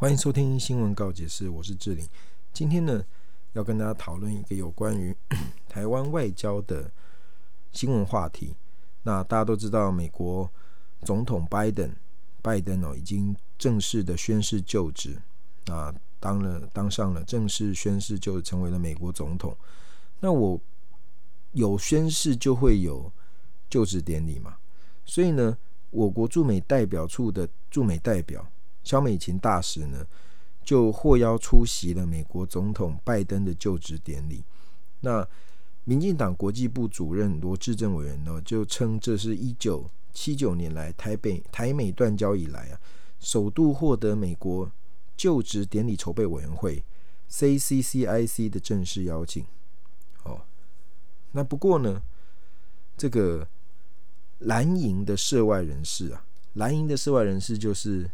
歡迎收聽《新聞告解室》，我是志玲。今天呢，要跟大家討論一個有關於臺灣外交的新聞話題。那大家都知道，美國總統拜登，拜登哦，已經正式的宣誓就職啊，那當了當上了，正式宣誓就成為了美國總統。那我有宣誓，就會有就職典禮嘛。所以呢，我國駐美代表處的駐美代表。蕭美琴大使呢，就獲邀出席了美國總統拜登的就職典禮。那民進黨國際部主任羅致政委員呢，就稱這是1979年來台北，台美斷交以來啊，首度獲得美國就職典禮籌備委員會 （C C C I C） 的正式邀請。哦，那不過呢，這個藍營的涉外人士啊，藍營的涉外人士就是。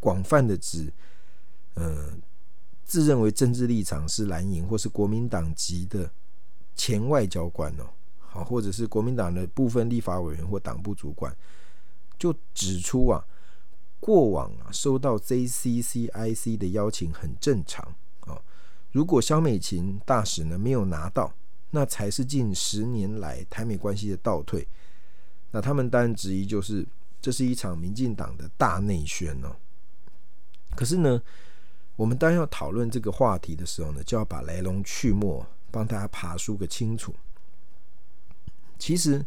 廣泛的指，呃，自認為政治立場是藍營或是國民黨籍的前外交官哦，好，或者是國民黨的部分立法委員或黨部主管，就指出啊，過往啊收到 JCCIC 的邀請很正常哦。如果蕭美琴大使呢沒有拿到，那才是近十年來台美關係的倒退。那他們當然質疑，就是這是一場民進黨的大內宣哦。可是呢，我們當要討論這個話題的時候呢，就要把來龍去脈幫大家爬梳個清楚。其實，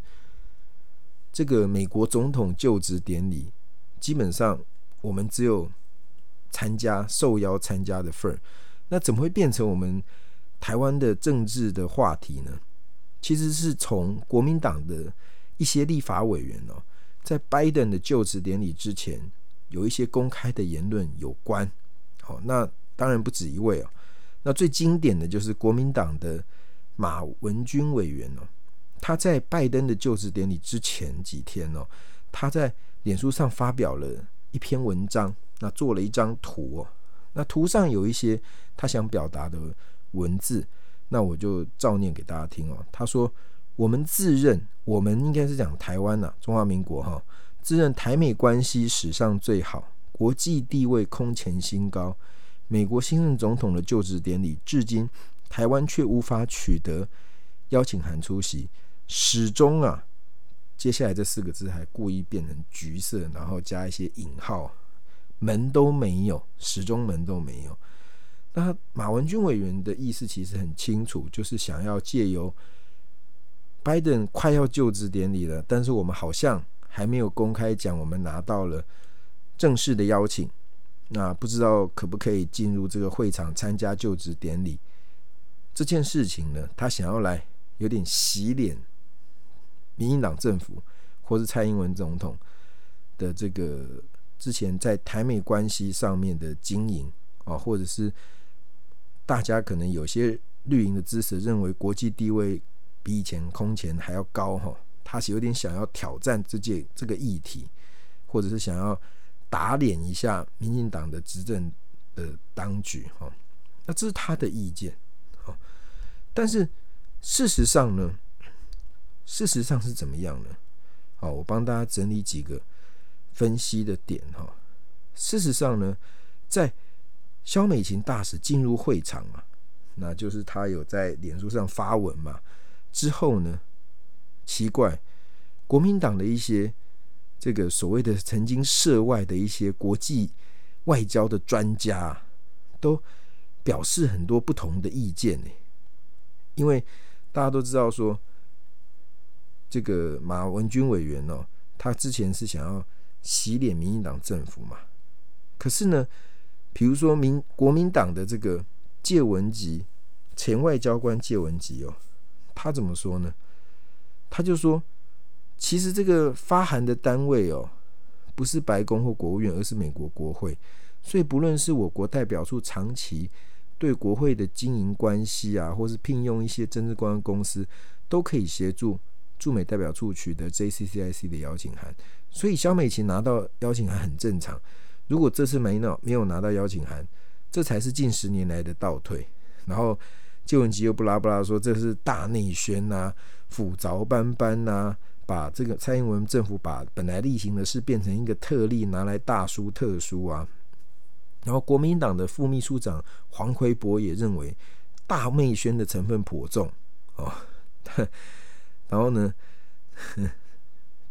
這個美國總統就職典禮，基本上我們只有參加受邀參加的份兒。那怎麼會變成我們台灣的政治的話題呢？其實是從國民黨的一些立法委員哦，在拜登的就職典禮之前，有一些公開的言論有關，好，那當然不止一位哦、喔，那最經典的就是國民黨的馬文君委員哦、喔，他在拜登的就職典禮之前幾天哦、喔，他在臉書上發表了一篇文章，那做了一張圖哦、喔，那圖上有一些他想表達的文字，那我就照念給大家聽哦、喔。他說：“我們自認，我們應該是講台灣吶、啊，中華民國哈、喔。”自認台美關係史上最好，國際地位空前新高，美國新任總統的就職典禮，至今台灣卻無法取得邀請函出席，始終啊，接下來這四個字還故意變成橘色，然後加一些引號，門都沒有，始終門都沒有。那馬文君委員的意思其實很清楚，就是想要借由拜登快要就職典禮了，但是我們好像。還沒有公開講，我們拿到了正式的邀請，那不知道可不可以進入這個會場參加就職典禮？這件事情呢，他想要來有點洗臉，民進黨政府或是蔡英文總統的這個之前在台美關係上面的經營啊，或者是大家可能有些綠營的支持認為國際地位比以前空前還要高哈。他是有點想要挑戰這件這個議題，或者是想要打臉一下民進黨的執政的當局，好、哦，那這是他的意見、哦，但是事實上呢，事實上是怎麼樣呢？好、哦，我幫大家整理幾個分析的點，哈、哦，事實上呢，在蕭美琴大使進入會場啊，那就是他有在臉書上發文嘛，之後呢？奇怪，國民黨的一些這個所謂的曾經涉外的一些國際外交的專家，都表示很多不同的意見呢。因為大家都知道說，這個馬文君委員哦、喔，他之前是想要洗臉民進黨政府嘛。可是呢，比如說民國民黨的這個介文汲，前外交官介文汲哦、喔，他怎麼說呢？他就說，其實這個發函的單位哦，不是白宮或國務院，而是美國國會。所以不論是我國代表處長期對國會的經營關係啊，或是聘用一些政治公關公司，都可以協助駐美代表處取得 JCCIC 的邀請函。所以蕭美琴拿到邀請函很正常。如果這次沒拿，沒有拿到邀請函，這才是近十年來的倒退。然後。馬文君又不拉不拉說這是大內宣吶、啊，斧鑿斑斑吶、啊，把這個蔡英文政府把本來例行的事變成一個特例拿來大書特書啊。然後，國民黨的副秘書長黃奎博也認為大內宣的成分頗重哦。然後呢，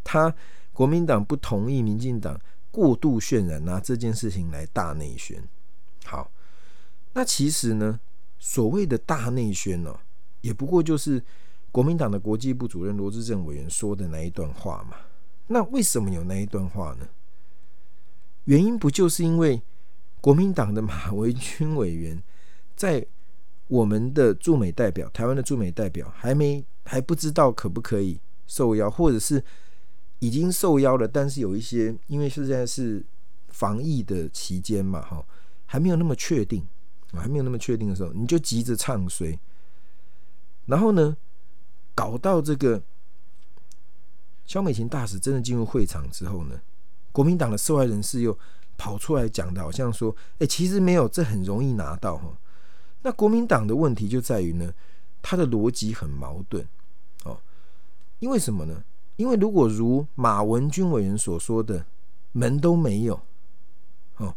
他國民黨不同意民進黨過度渲染啊這件事情來大內宣。好，那其實呢？所謂的大內宣呢、哦，也不過就是國民黨的國際部主任羅志正委員說的那一段話嘛。那為什麼有那一段話呢？原因不就是因為國民黨的馬文君委員在我們的駐美代表，台灣的駐美代表還沒還不知道可不可以受邀，或者是已經受邀了，但是有一些因為現在是防疫的期間嘛，哈，還沒有那麼確定。還沒有那麼確定的時候，你就急着唱衰，然後呢，搞到這個蕭美琴大使真的進入會場之後呢，國民黨的涉外人士又跑出來講的，好像說：“哎、欸，其實沒有，這很容易拿到哈。”那國民黨的問題就在於呢，他的邏輯很矛盾哦。因為什麼呢？因為如果如馬文君委員所說的，門都沒有哦，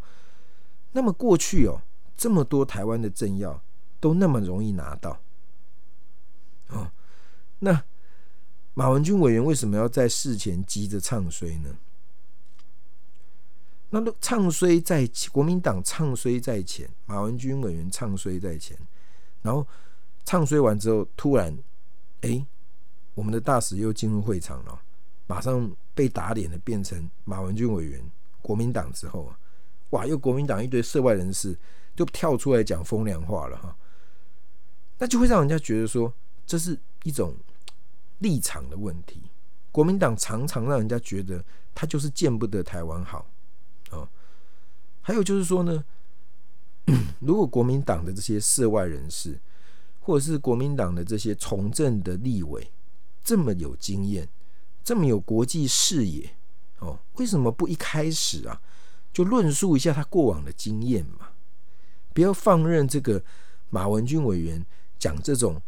那麼過去哦。這麼多台灣的政要都那麼容易拿到，哦，那馬文君委員為什麼要在事前急着唱衰呢？那都唱衰在國民黨唱衰在前，馬文君委員唱衰在前，然後唱衰完之後，突然哎，我們的大使又進入會場了，馬上被打臉的變成馬文君委員國民黨之後啊，哇，又國民黨一堆涉外人士。就跳出來講風涼話了哈，那就會讓人家覺得說這是一種立場的問題。國民黨常常讓人家覺得他就是見不得台灣好，哦。還有就是說呢，如果國民黨的這些涉外人士，或者是國民黨的這些從政的立委，這麼有經驗，這麼有國際視野，哦，為什麼不一開始啊就論述一下他過往的經驗嘛？不要放任這個馬文君委員講這種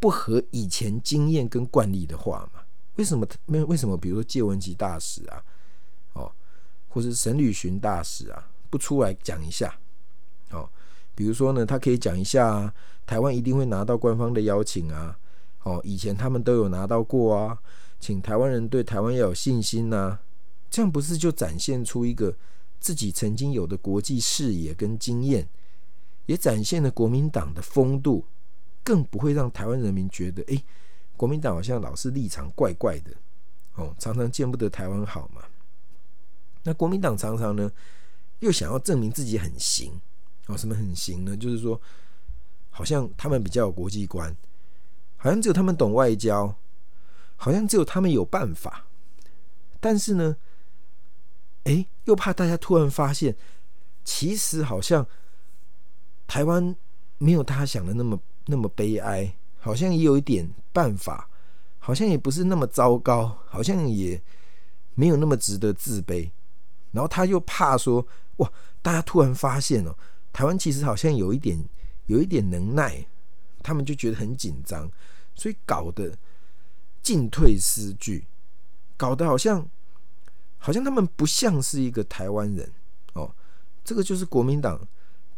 不合以前經驗跟慣例的話嘛？為什麼沒有？為什麼比如說介文汲大使啊，哦，或是沈呂巡大使啊，不出來講一下？哦，比如說呢，他可以講一下，啊，台灣一定會拿到官方的邀請啊。哦，以前他們都有拿到過啊。請台灣人對台灣要有信心吶，啊。這樣不是就展現出一個自己曾經有的國際視野跟經驗？也展現了國民黨的風度，更不會讓台灣人民覺得，哎，國民黨好像老是立場怪怪的，哦，常常見不得台灣好嘛。那國民黨常常呢，又想要證明自己很行，哦，什麼很行呢？就是說，好像他們比較有國際觀，好像只有他們懂外交，好像只有他們有辦法。但是呢，哎，又怕大家突然發現，其實好像。台灣沒有他想的那麼那麼悲哀，好像也有一點辦法，好像也不是那麼糟糕，好像也沒有那麼值得自卑。然後他又怕說，哇，大家突然發現哦，台灣其實好像有一點有一點能耐，他們就覺得很緊張，所以搞得進退失據，搞得好像好像他們不像是一個台灣人哦，這個就是國民黨。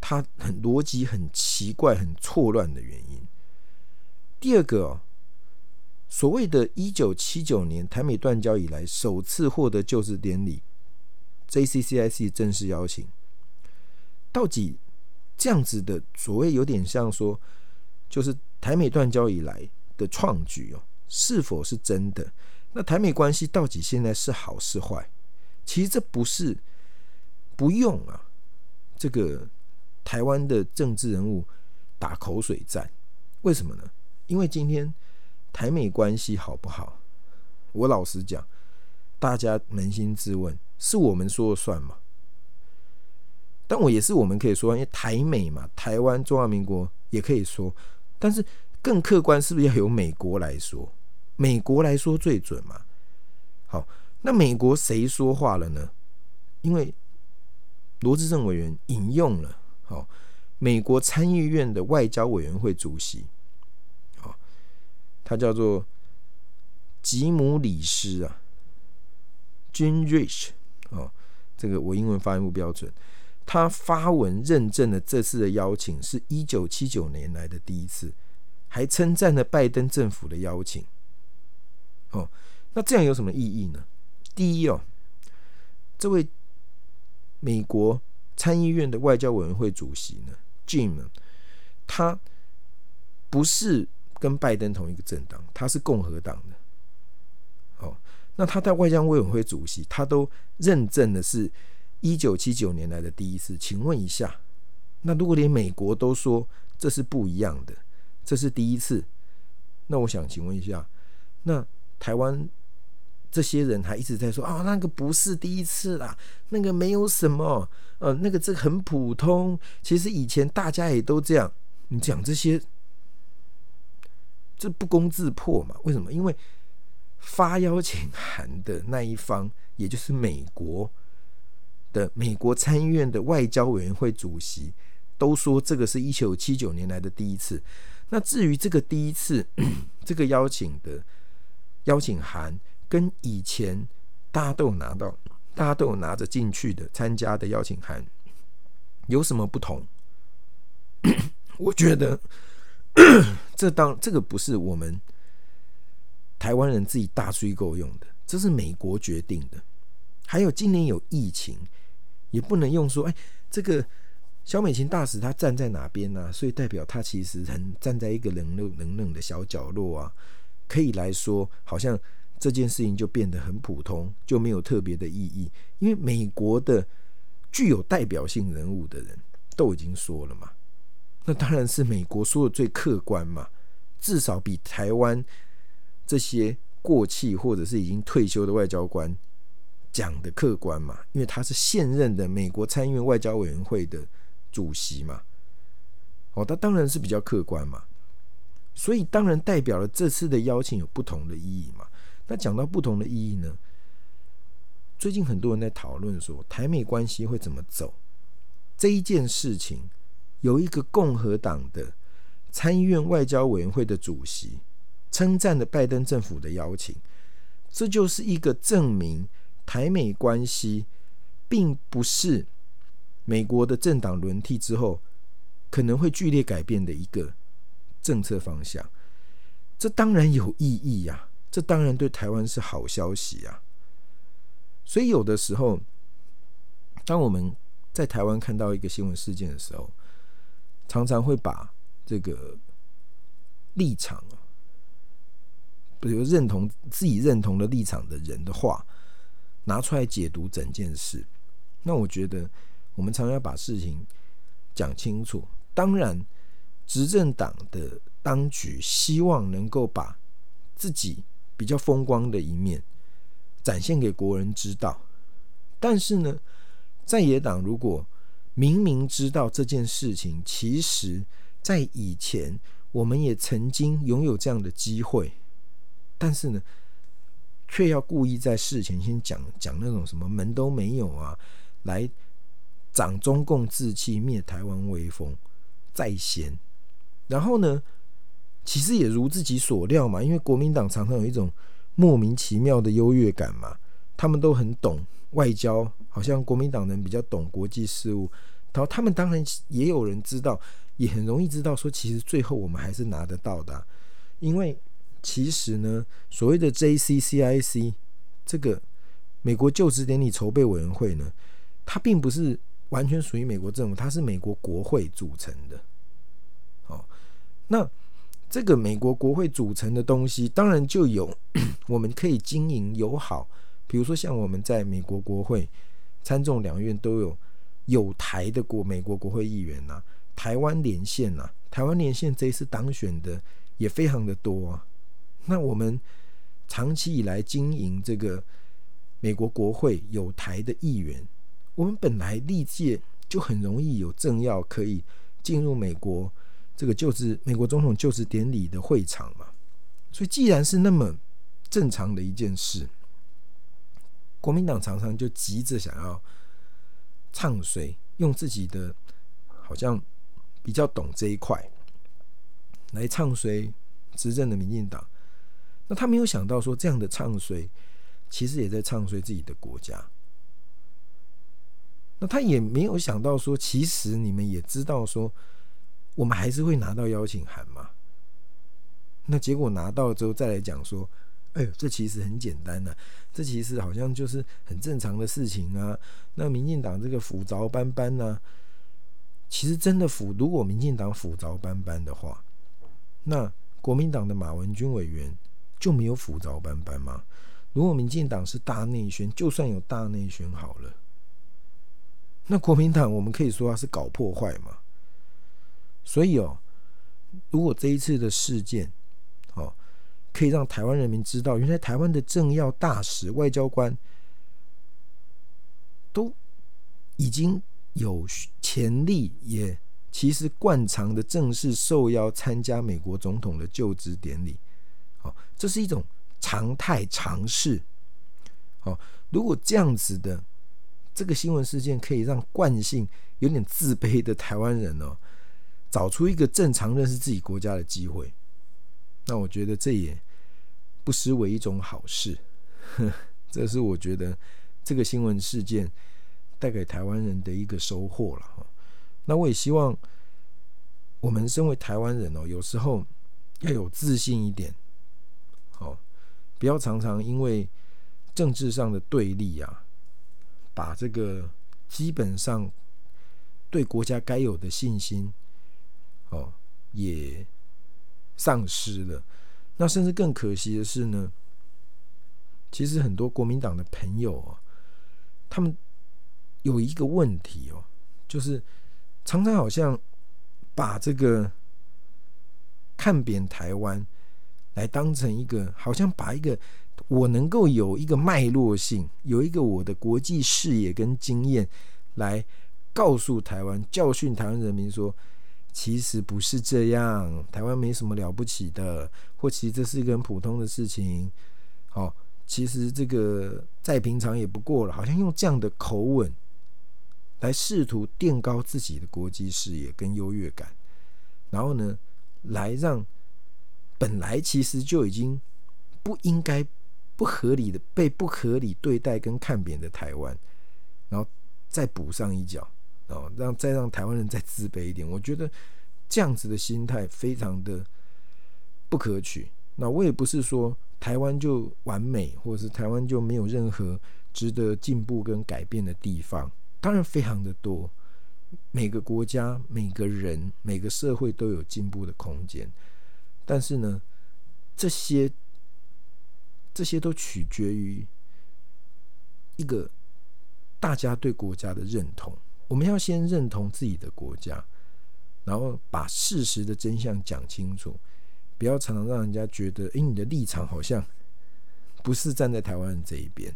他很邏輯很奇怪、很錯亂的原因。第二個哦，所謂的“一九七九年台美斷交以來首次獲得就職典禮 JCCIC 正式邀請”，到底這樣子的所謂有點像說，就是台美斷交以來的創舉哦，是否是真的？那台美關係到底現在是好是壞？其實這不是不用啊，這個。台灣的政治人物打口水戰，為什麼呢？因為今天台美關係好不好？我老實講，大家捫心自問，是我們說了算嗎？但我也是，我們可以說，因為台美嘛，台灣中華民國也可以說，但是更客觀是不是要由美國來說？美國來說最準嘛？好，那美國誰說話了呢？因為羅致政委員引用了。好、哦，美國參議院的外交委員會主席，好、哦，他叫做吉姆·里施啊，Jim Risch，哦，這個我英文發音不標準，他發文認證了這次的邀請是一九七九年來的第一次，還稱讚了拜登政府的邀請。哦，那這樣有什麼意義呢？第一哦，這位美國。參議院的外交委員會主席呢，Jim，他不是跟拜登同一個政黨，他是共和黨的。哦，那他在外交委員會主席，他都認證的是一九七九年來的第一次。請問一下，那如果連美國都說這是不一樣的，這是第一次，那我想請問一下，那台灣？這些人還一直在說啊、哦，那個不是第一次啦，那個沒有什麼，呃，那個這個很普通。其實以前大家也都這樣。你講這些，這不攻自破嘛？為什麼？因為發邀請函的那一方，也就是美國的美國參議院的外交委員會主席，都說這個是一九七九年來的第一次。那至於這個第一次，這個邀請的邀請函。跟以前大家都有拿到，大家都有拿著進去的參加的邀請函有什麼不同？ 我覺得 這當這個不是我們台灣人自己大吹夠用的，這是美國決定的。還有今年有疫情，也不能用說哎、欸，這個蕭美琴大使他站在哪邊呢、啊？所以代表他其實很站在一個冷冷冷冷的小角落啊，可以來說好像，這件事情就變得很普通，就沒有特別的意義。因為美國的具有代表性人物的人都已經說了嘛，那當然是美國說的最客觀嘛，至少比台灣這些過氣或者是已經退休的外交官講的客觀嘛，因為他是現任的美國參議院外交委員會的主席嘛，哦，他當然是比較客觀嘛，所以當然代表了這次的邀請有不同的意義嘛。那講到不同的意義呢，最近很多人在討論說，台美關係會怎麼走這一件事情，有一個共和黨的參議院外交委員會的主席稱讚了拜登政府的邀請，這就是一個證明，台美關係並不是美國的政黨輪替之後可能會劇烈改變的一個政策方向。這當然有意義呀、啊。這當然對台灣是好消息啊！所以有的時候，當我們在台灣看到一個新聞事件的時候，常常會把這個立場，比如認同自己認同的立場的人的話，拿出來解讀整件事。那我覺得，我們常常要把事情講清楚。當然，執政黨的當局希望能夠把自己比較風光的一面，展現給國人知道。但是呢，在野黨如果明明知道這件事情，其實在以前我們也曾經擁有這樣的機會，但是呢，卻要故意在事前先講講那種什麼門都沒有啊，來長中共志氣、滅台灣威風，在先。然後呢？其實也如自己所料嘛，因為國民黨常常有一種莫名其妙的優越感嘛，他們都很懂外交，好像國民黨人比較懂國際事務，然後他們當然也有人知道，也很容易知道說，其實最後我們還是拿得到的啊，因為其實呢，所謂的 JCCIC 這個美國就職典禮籌備委員會呢，它並不是完全屬於美國政府，它是美國國會組成的，哦，那。這個美國國會組成的東西，當然就有我們可以經營友好，比如說像我們在美國國會參眾兩院都有有台的國美國國會議員吶、啊，台灣連線吶、啊，台灣連線這一次當選的也非常的多、啊。那我們長期以來經營這個美國國會有台的議員，我們本來歷屆就很容易有政要可以進入美國。這個就是美國總統就職典禮的會場嘛，所以既然是那麼正常的一件事，國民黨常常就急着想要唱衰，用自己的好像比較懂這一塊來唱衰執政的民進黨，那他沒有想到說這樣的唱衰其實也在唱衰自己的國家，那他也沒有想到說，其實你們也知道說。我們還是會拿到邀請函嘛？那結果拿到之後再來講說，哎，呦，這其實很簡單吶、啊，這其實好像就是很正常的事情啊。那民進黨這個斧鑿斑斑呢、啊？其實真的斧。如果民進黨斧鑿斑斑的話，那國民黨的馬文君委員就沒有斧鑿斑,斑斑嗎？如果民進黨是大內宣，就算有大內宣好了。那國民黨我們可以說他是搞破壞嗎？所以哦，如果這一次的事件，哦，可以讓台灣人民知道，原來台灣的政要、大使、外交官，都已經有潛力，也其實慣常的正式受邀參加美國總統的就職典禮，哦，這是一種常態嘗試。哦，如果這樣子的這個新聞事件可以讓慣性有點自卑的台灣人哦，找出一個正常認識自己國家的機會，那我覺得這也不失為一種好事。呵，這是我覺得這個新聞事件帶給台灣人的一個收穫了。哈，那我也希望我們身為台灣人哦，有時候要有自信一點，好，哦，不要常常因為政治上的對立啊，把這個基本上對國家該有的信心。哦，也喪失了。那甚至更可惜的是呢，其實很多國民黨的朋友哦，他們有一個問題哦，就是常常好像把這個看扁台灣，來當成一個好像把一個我能夠有一個脈絡性，有一個我的國際視野跟經驗來告訴台灣，教訓台灣人民說。其實不是這樣，台灣沒什麼了不起的，或其實這是一個很普通的事情。好、哦，其實這個再平常也不過了，好像用這樣的口吻來試圖墊高自己的國際視野跟優越感，然後呢，來讓本來其實就已經不應該、不合理的被不合理對待跟看扁的台灣，然後再補上一腳。哦，讓再讓台灣人再自卑一點，我覺得這樣子的心態非常的不可取。那我也不是說台灣就完美，或者是台灣就沒有任何值得進步跟改變的地方，當然非常的多。每個國家、每個人、每個社會都有進步的空間，但是呢，這些這些都取決於一個大家對國家的認同。我們要先認同自己的國家，然後把事實的真相講清楚，不要常常讓人家覺得，哎，你的立場好像不是站在台灣這一邊，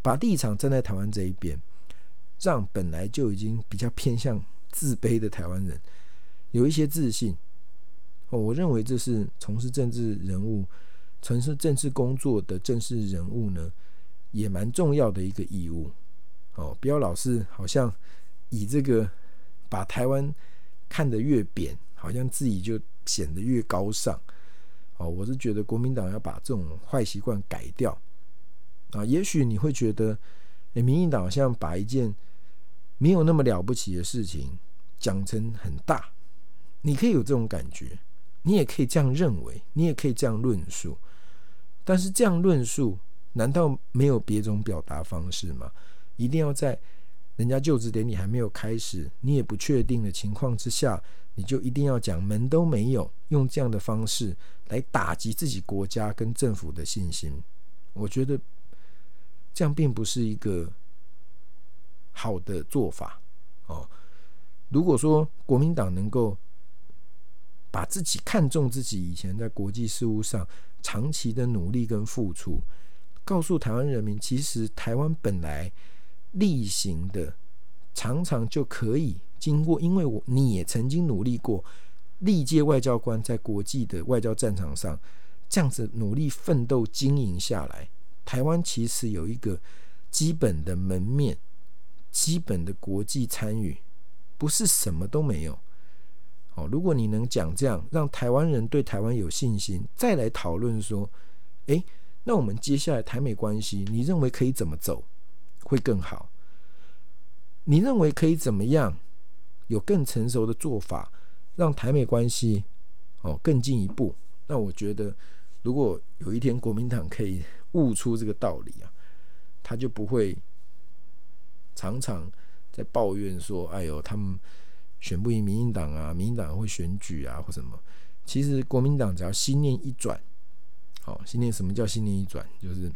把立場站在台灣這一邊，讓本來就已經比較偏向自卑的台灣人有一些自信。哦，我認為這是從事政治人物、從事政治工作的政治人物呢，也蠻重要的一個義務。哦，不要老是好像以這個把台灣看得越扁，好像自己就顯得越高尚。哦，我是覺得國民黨要把這種壞習慣改掉啊。也許你會覺得，民進黨好像把一件沒有那麼了不起的事情講成很大，你可以有這種感覺，你也可以這樣認為，你也可以這樣論述。但是這樣論述，難道沒有別種表達方式嗎？一定要在人家就職典禮還沒有開始，你也不確定的情況之下，你就一定要講門都沒有，用這樣的方式來打擊自己國家跟政府的信心，我覺得這樣並不是一個好的做法哦。如果說國民黨能夠把自己看重自己以前在國際事務上長期的努力跟付出，告訴台灣人民，其實台灣本來，例行的，常常就可以經過，因為我你也曾經努力過，歷屆外交官在國際的外交戰場上這樣子努力奮鬥經營下來，台灣其實有一個基本的門面，基本的國際參與，不是什麼都沒有。哦，如果你能講這樣，讓台灣人對台灣有信心，再來討論說，哎，那我們接下來台美關係，你認為可以怎麼走？會更好。你認為可以怎麼樣有更成熟的做法，讓台美關係哦更進一步？那我覺得，如果有一天國民黨可以悟出這個道理啊，他就不會常常在抱怨說：“哎呦，他們選不贏民進黨啊，民進黨會選舉啊，或什麼。”其實國民黨只要心念一轉，好，心念什麼叫心念一轉？就是。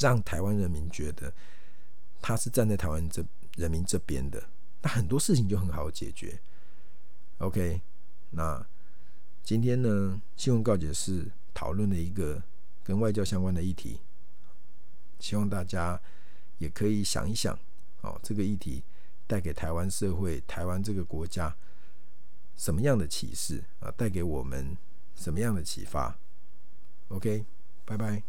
讓台灣人民覺得他是站在台灣這人民這邊的，那很多事情就很好解決。OK，那今天呢，新聞告解室討論的一個跟外交相關的議題，希望大家也可以想一想哦，這個議題帶給台灣社會、台灣這個國家什麼樣的啟示啊？帶給我們什麼樣的啟發？OK，拜拜。